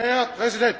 herr präsident!